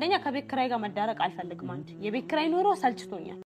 አንደኛ ከቤት ክራይ ጋር መዳረቅ አልፈልግም። አንድ የቤት ክራይ ኖሮ ሰልችቶኛል።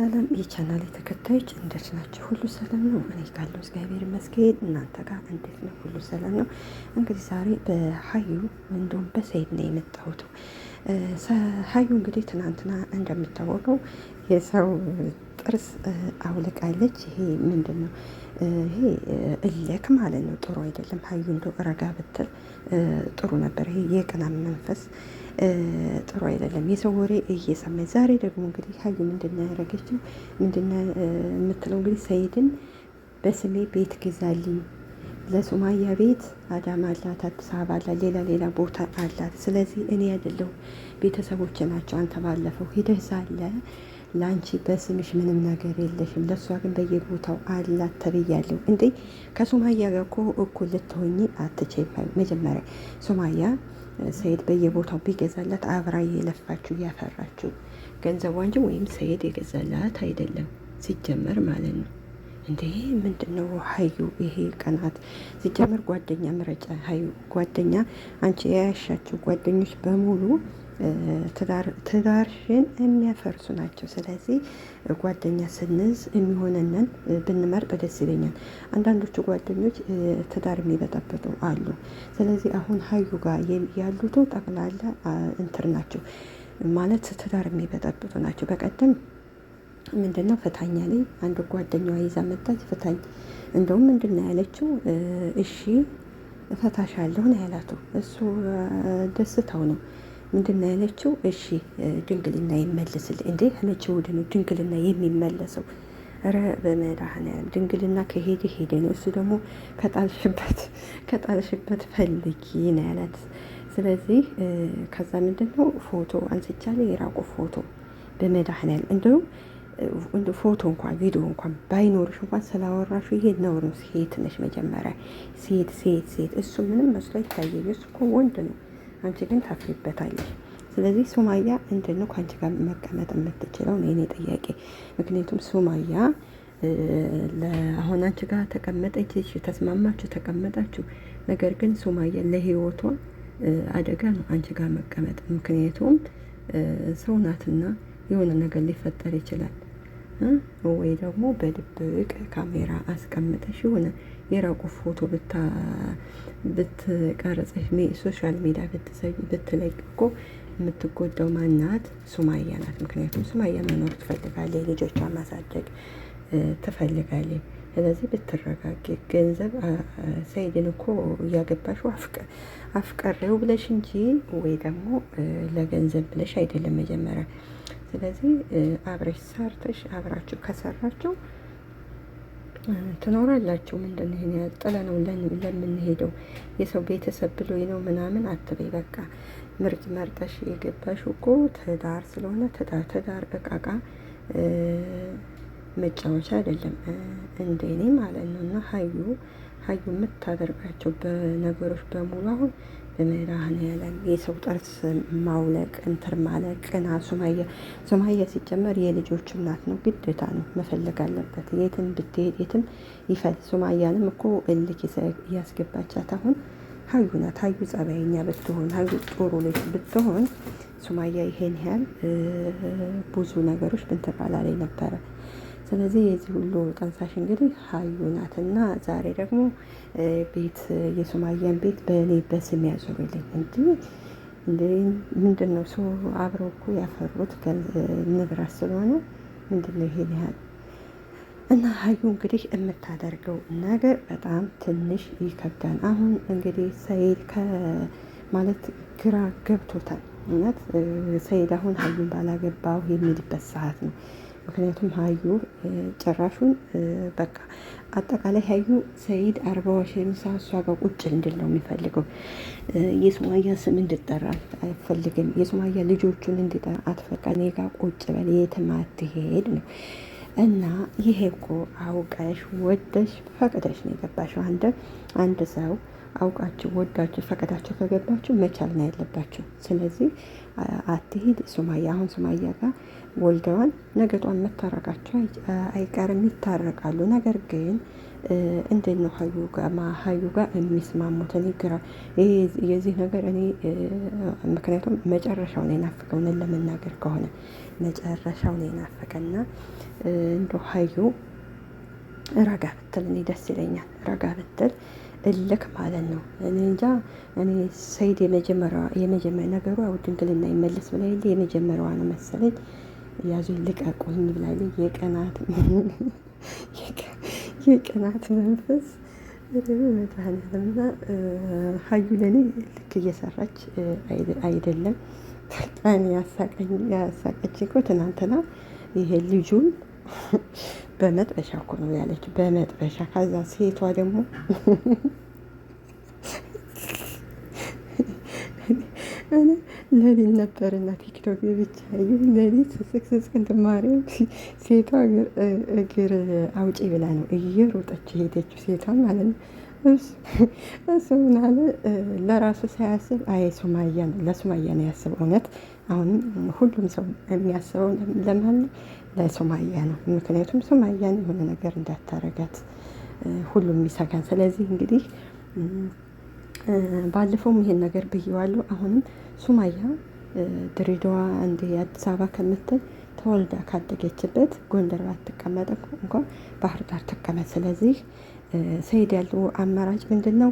ሰላም የቻናል ተከታዮች እንዴት ናቸው? ሁሉ ሰላም ነው? እኔ ካለው እግዚአብሔር ይመስገን። እናንተ ጋር እንዴት ነው? ሁሉ ሰላም ነው? እንግዲህ ዛሬ በሀዩ እንዲሁም በሰይድ ነው የመጣሁት። ሀዩ እንግዲህ ትናንትና እንደምታወቀው የሰው ጥርስ አውልቃለች። ይሄ ምንድን ነው? ይሄ እልክ ማለት ነው። ጥሩ አይደለም። ሀዩ እንደው ረጋ ብትል ጥሩ ነበር። ይሄ የቅናም መንፈስ ጥሩ አይደለም። የሰው ወሬ እየሰማኝ ዛሬ ደግሞ እንግዲህ ሀዩ ምንድና ያደረገችው ምንድና የምትለው እንግዲህ ሰይድን በስሜ ቤት ግዛልኝ ለሱማያ ቤት አዳማ አላት፣ አዲስ አበባ አላት፣ ሌላ ሌላ ቦታ አላት። ስለዚህ እኔ ያደለሁ ቤተሰቦች ናቸው። አንተ ባለፈው ሂደህ ሳለ ለአንቺ በስምሽ ምንም ነገር የለሽም፣ ለእሷ ግን በየቦታው አላት ተብያለሁ። እንዴ ከሱማያ ጋር እኮ እኩል ልትሆኚ አትችይም። መጀመሪያ ሱማያ ሰይድ በየቦታው ቢገዛላት አብራ የለፋችሁ እያፈራችሁ ገንዘቧ እንጂ ወይም ሰይድ የገዛላት አይደለም ሲጀመር ማለት ነው። እንዴ ምንድን ነው ሀዩ? ይሄ ቀናት ሲጀመር ጓደኛ ምረጫ ሀዩ ጓደኛ አንቺ የያሻችሁ ጓደኞች በሙሉ ትዳርሽን የሚያፈርሱ ናቸው። ስለዚህ ጓደኛ ስንዝ የሚሆነንን ብንመርጥ ደስ ይለኛል። አንዳንዶቹ ጓደኞች ትዳር የሚበጠብጡ አሉ። ስለዚህ አሁን ሀዩ ጋር ያሉት ጠቅላላ እንትር ናቸው ማለት ትዳር የሚበጠብጡ ናቸው። በቀደም ምንድን ነው ፍታኛ ላይ አንዱ ጓደኛዋ ይዛ መጣች። ፍታኝ እንደውም ምንድን ነው ያለችው? እሺ እፈታሻለሁ ነው ያላቱ። እሱ ደስታው ነው ምንድን ነው ያለችው? እሺ ድንግልና ይመለስል እንዴ? መቼ ወደ ነው ድንግልና የሚመለሰው? ረ በመድኃኒዓለም ድንግልና ከሄደ ሄደ ነው። እሱ ደግሞ ከጣልሽበት ከጣልሽበት ፈልጊ ነው ያላት። ስለዚህ ከዛ ምንድን ነው ፎቶ አንስቻለ የራቁ ፎቶ በመድኃኒዓለም እንደውም እንደ ፎቶ እንኳን ቪዲዮ እንኳን ባይኖርሽ እንኳን ስላወራሹ ይሄ ነውር ነው። ሴት ነሽ መጀመሪያ ሴት ሴት ሴት እሱ ምንም መስሎ አይታየኝ። እሱ እኮ ወንድ ነው። አንቺ ግን ታፍሪበታለሽ። ስለዚህ ሱማያ እንድን ነው ከአንቺ ጋር መቀመጥ የምትችለው ነው የኔ ጥያቄ። ምክንያቱም ሱማያ አሁን አንቺ ጋር ተቀመጠች፣ ተስማማችሁ፣ ተቀመጣችሁ። ነገር ግን ሱማያ ለህይወቷ አደጋ ነው አንቺ ጋር መቀመጥ። ምክንያቱም ሰው ናትና የሆነ ነገር ሊፈጠር ይችላል። ወይ ደግሞ በድብቅ ካሜራ አስቀምጠሽ የሆነ የራቁ ፎቶ ብትቀርጽሽ ሶሻል ሚዲያ ብትዘጊ ብትለቅ እኮ የምትጎዳው ማናት? ሱማያ ናት። ምክንያቱም ሱማያ መኖር ትፈልጋለች፣ ልጆቿን ማሳደግ ትፈልጋለች። ስለዚህ ብትረጋጊ። ገንዘብ ሰይድን እኮ እያገባሹ አፍቀሬው ብለሽ እንጂ ወይ ደግሞ ለገንዘብ ብለሽ አይደለም መጀመሪያ። ስለዚህ አብረሽ ሰርተሽ አብራችሁ ከሰራችሁ ትኖራላችሁ። ምንድን ይሄን ያጠለ ነው ለምንሄደው የሰው ቤተሰብ ብሎ ነው ምናምን አትበይ። በቃ ምርጥ መርጠሽ የገባሽ እኮ ትዳር ስለሆነ ትዳር ትዳር እቃቃ መጫወቻ አይደለም፣ እንደኔ ማለት ነው። እና ሀዩ ሀዩ የምታደርጋቸው በነገሮች በሙሉ አሁን ብንራህንለን የሰው ጥርስ ማውለቅ እንትር ማለቅ ቅናት። ሱማያ ሱማያ ሲጀመር የልጆች እናት ነው፣ ግዴታ ነው መፈለግ አለበት። የትም ብትሄድ የትም ይፈል። ሱማያንም እኮ እልክ እያስገባቻት አሁን ሀዩ ናት። ሀዩ ጸባይኛ ብትሆን ሀዩ ጥሩ ልጅ ብትሆን ሱማያ ይሄን ያህል ብዙ ነገሮች ብንትባላ ነበረ ስለዚህ የዚህ ሁሉ ጠንሳሽ እንግዲህ ሀዩ ናት እና ዛሬ ደግሞ ቤት የሱማያን ቤት በእኔ በስም ያዞሩልኝ እንጂ ምንድን ነው ሰው አብረው እኮ ያፈሩት ንብረት ስለሆነ ምንድን ነው ይሄን ያህል እና ሀዩ እንግዲህ የምታደርገው ነገር በጣም ትንሽ ይከብዳል። አሁን እንግዲህ ሰይድ ማለት ግራ ገብቶታል። እውነት ሰይድ አሁን ሀዩን ባላገባው የሚልበት ሰዓት ነው። ምክንያቱም ሀዩ ጭራሹን በቃ አጠቃላይ ሀዩ ሰይድ አርባዎች የሚሳ እሷ ጋር ቁጭ እንድል ነው የሚፈልገው። የሱማያ ስም እንድጠራ አይፈልግም። የሱማያ ልጆቹን እንዲጠራ አትፈቃ እኔ ጋ ቁጭ በል የትም አትሄድ ነው እና ይሄ እኮ አውቀሽ ወደሽ ፈቅደሽ ነው የገባሽው አንድ አንድ ሰው አውቃችሁ ወዳችሁ ፈቀዳችሁ ከገባችሁ መቻል ነው ያለባችሁ። ስለዚህ አትሂድ ሱማያ አሁን ሱማያ ጋር ወልደዋል። ነገ ጧት መታረቃቸው አይቀርም፣ ይታረቃሉ። ነገር ግን እንዴት ነው ሀዩ ጋማ ሀዩ ጋር የሚስማሙት? እኔ ግራ የዚህ ነገር እኔ ምክንያቱም መጨረሻው ነው የናፈቀው። ለመናገር ከሆነ መጨረሻው ነው የናፈቀና እንደ ሀዩ ረጋ ብትል እኔ ደስ ይለኛል። ረጋ ብትል እልክ ማለት ነው። እኔ እንጃ እኔ ሰይድ የመጀመሪያ የመጀመሪያ ነገሯ ውድንግልና ይመለስ ብላ የመጀመሪያዋ ነው መሰለኝ ያዙ ልቀቁኝ ብላለ። የቀናት የቀናት መንፈስ መድኃኒዓለምና ሀዩ ለእኔ ልክ እየሰራች አይደለም። በጣም ያሳቀኝ ያሳቀች እኮ ትናንትና ይሄ ልጁን በመጥበሻ እኮ ነው ያለች፣ በመጥበሻ ከዛ ሴቷ ደግሞ ለሊት ነበርና ቲክቶክ ብቻ ለሊት ስስቅ ስስቅ እንትማሪያም ሴቷ እግር አውጪ ብላ ነው እየሮጠች ሄደችው ሴቷ ማለት ነው። እሱ ምናለ ለራሱ ሳያስብ አይ ሱማያ ነው ለሱማያ ነው ያስብ እውነት አሁን ሁሉም ሰው የሚያስበው ለማን ለሶማያ ነው። ምክንያቱም ሶማያን የሆነ ነገር እንዳታረጋት ሁሉም ይሰጋን። ስለዚህ እንግዲህ ባለፈውም ይሄን ነገር ብዬዋለሁ። አሁንም ሱማያ ድሬዳዋ እንደ አዲስ አበባ ከምትል ተወልዳ ካደገችበት ጎንደር ባትቀመጠ እንኳን ባህር ዳር ትቀመጥ። ስለዚህ ሰይድ ያለው አማራጭ ምንድን ነው?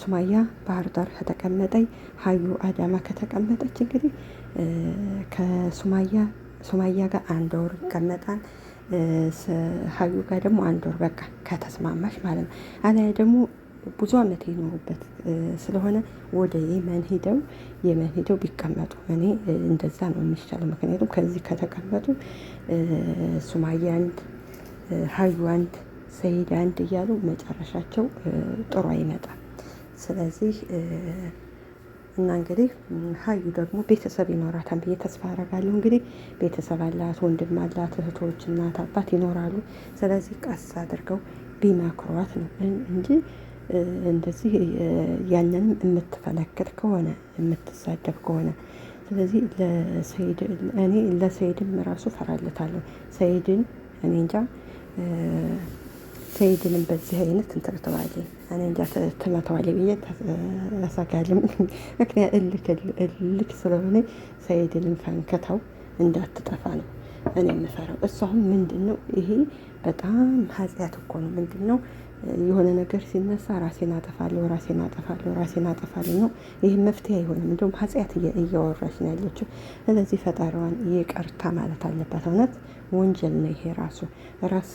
ሱማያ ባህር ዳር ከተቀመጠኝ ሀዩ አዳማ ከተቀመጠች እንግዲህ ከሱማያ ሱማያ ጋር አንድ ወር ይቀመጣል። ሀዩ ጋር ደግሞ አንድ ወር በቃ ከተስማማሽ ማለት ነው። አሊያ ደግሞ ብዙ አመት የኖሩበት ስለሆነ ወደ የመን ሄደው የመን ሄደው ቢቀመጡ እኔ እንደዛ ነው የሚሻለው። ምክንያቱም ከዚህ ከተቀመጡ ሱማያ አንድ፣ ሀዩ አንድ፣ ሰይድ አንድ እያሉ መጨረሻቸው ጥሩ አይመጣም። ስለዚህ እና እንግዲህ ሀዩ ደግሞ ቤተሰብ ይኖራታል ብዬ ተስፋ አደርጋለሁ። እንግዲህ ቤተሰብ አላት፣ ወንድም አላት፣ እህቶች፣ እናት፣ አባት ይኖራሉ። ስለዚህ ቀስ አድርገው ቢመክሯት ነው እንጂ እንደዚህ ያንንም የምትፈለክር ከሆነ የምትሳደብ ከሆነ ስለዚህ እኔ ለሰይድም ራሱ ፈራለታለሁ። ሰይድን እኔ እንጃ ሰይድንም በዚህ አይነት እንትርተዋለኝ እኔ እንጃ ትመተዋለኝ ብዬ ተሳጋልም። ምክንያት እልክ እልክ ስለሆነ ሰይድንም ፈንክተው እንዳትጠፋ ነው እኔ የምፈራው። እሷም አሁን ምንድን ነው ይሄ በጣም ኃጢአት እኮ ነው። ምንድን ነው የሆነ ነገር ሲነሳ ራሴን አጠፋለሁ፣ ራሴን አጠፋለሁ፣ ራሴን አጠፋለሁ ነው። ይህ መፍትሄ አይሆንም። እንዲሁም ኃጢአት እያወራች ነው ያለችው። ስለዚህ ፈጣሪዋን ይቅርታ ማለት አለባት። እውነት ወንጀል ነው ይሄ ራሱ። ራስ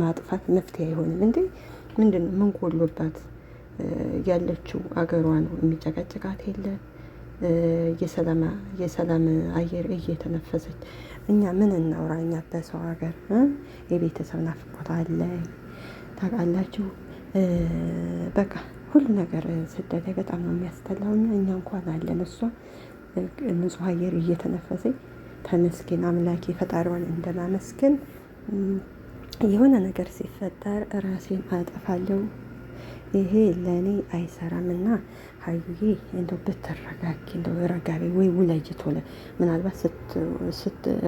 ማጥፋት መፍትሄ አይሆንም። እንዴ ምንድን ነው ምን ጎሎባት ያለችው? አገሯ ነው የሚጨቀጭቃት የለ የሰላም አየር እየተነፈሰች እኛ ምን እናውራኛ በሰው ሀገር የቤተሰብ ናፍቆት አለ። ታውቃላችሁ። በቃ ሁሉ ነገር ስደት ላይ በጣም ነው የሚያስጠላው። እና እኛ እንኳን አለን እሷ ንጹህ አየር እየተነፈሰኝ ተመስገን አምላኬ ፈጣሪዋን እንደማመስገን የሆነ ነገር ሲፈጠር ራሴን አጠፋለሁ። ይሄ ለእኔ አይሰራም እና ሀዩዬ እንደው ብትረጋጊ እንደው ረጋቢ ወይ ውለጅ ቶሎ ምናልባት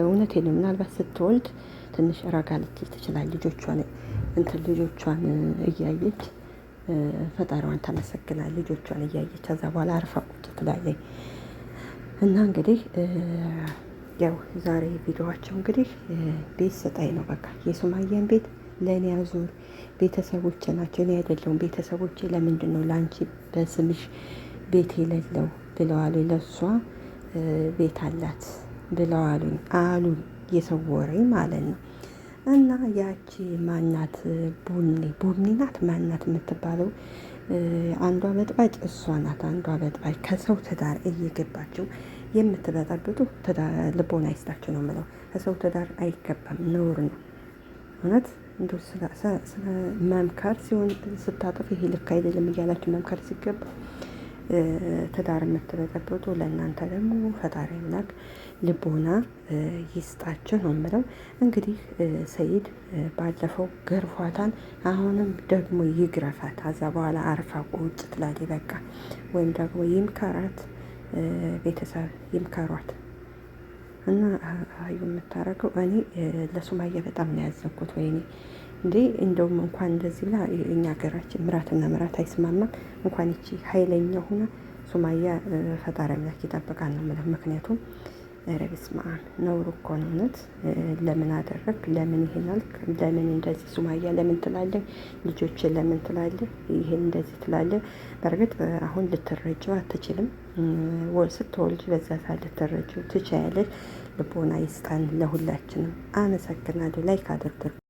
እውነቴን ምናልባት ስትወልድ ትንሽ ረጋ ልትል ትችላለች ልጆቿ እንትን ልጆቿን እያየች ፈጣሪዋን ታመሰግናል። ልጆቿን እያየች ከዛ በኋላ አርፋ ቁጭ ትላለች። እና እንግዲህ ያው ዛሬ ቪዲዮዋቸው እንግዲህ ቤት ስጣይ ነው። በቃ የሱማያን ቤት ለእኔ ያዙር ቤተሰቦች ናቸው፣ እኔ አይደለሁም። ቤተሰቦች ለምንድን ነው ለአንቺ በስምሽ ቤት የሌለው ብለዋሉ። ለእሷ ቤት አላት ብለዋሉኝ አሉ የሰወረኝ ማለት ነው። እና ያቺ ማናት ቡኒ ቡኒ ናት ማናት የምትባለው አንዷ በጥባጭ እሷ ናት። አንዷ በጥባጭ ከሰው ትዳር እየገባችው የምትበጠብጡ ልቦና አይስታችሁ ነው የምለው። ከሰው ትዳር አይገባም፣ ነውር ነው። እውነት እንዲ ስለ መምከር ሲሆን ስታጠፍ ይሄ ልክ አይደለም እያላችሁ መምከር ሲገባ ትዳር የምትበጠብጡ ለእናንተ ደግሞ ፈጣሪ አምላክ ልቦና ይስጣችሁ ነው የምለው። እንግዲህ ሰይድ ባለፈው ገርፏታል፣ አሁንም ደግሞ ይግረፋት። አዛ በኋላ አርፋ ቁጭ ትላል በቃ። ወይም ደግሞ ይምከራት፣ ቤተሰብ ይምከሯት እና አዩ የምታረገው እኔ ለሱማያ በጣም ነው ያዘንኩት። ወይኔ እንዴ እንደውም እንኳን እንደዚህ ብላ እኛ ሀገራችን ምራትና ምራት አይስማማም። እንኳን ይቺ ሀይለኛ ሆና ሱማያ ፈጣሪ አምላክ ይጠብቃል ነው የምለው። ምክንያቱም ኧረ በስመ አብ ነውር እኮ ነው እውነት። ለምን አደረግ? ለምን ይሄን አልክ? ለምን እንደዚህ ሱማያ ለምን ትላለህ? ልጆች ለምን ትላለህ? ይሄን እንደዚህ ትላለህ? በእርግጥ አሁን ልትረጂው አትችልም። ስትወልጅ በዛ ሳ ልትረጂው ትችያለሽ። ልቦና ይስጣን ለሁላችንም። አመሰግናለሁ። ላይክ አድርጉ።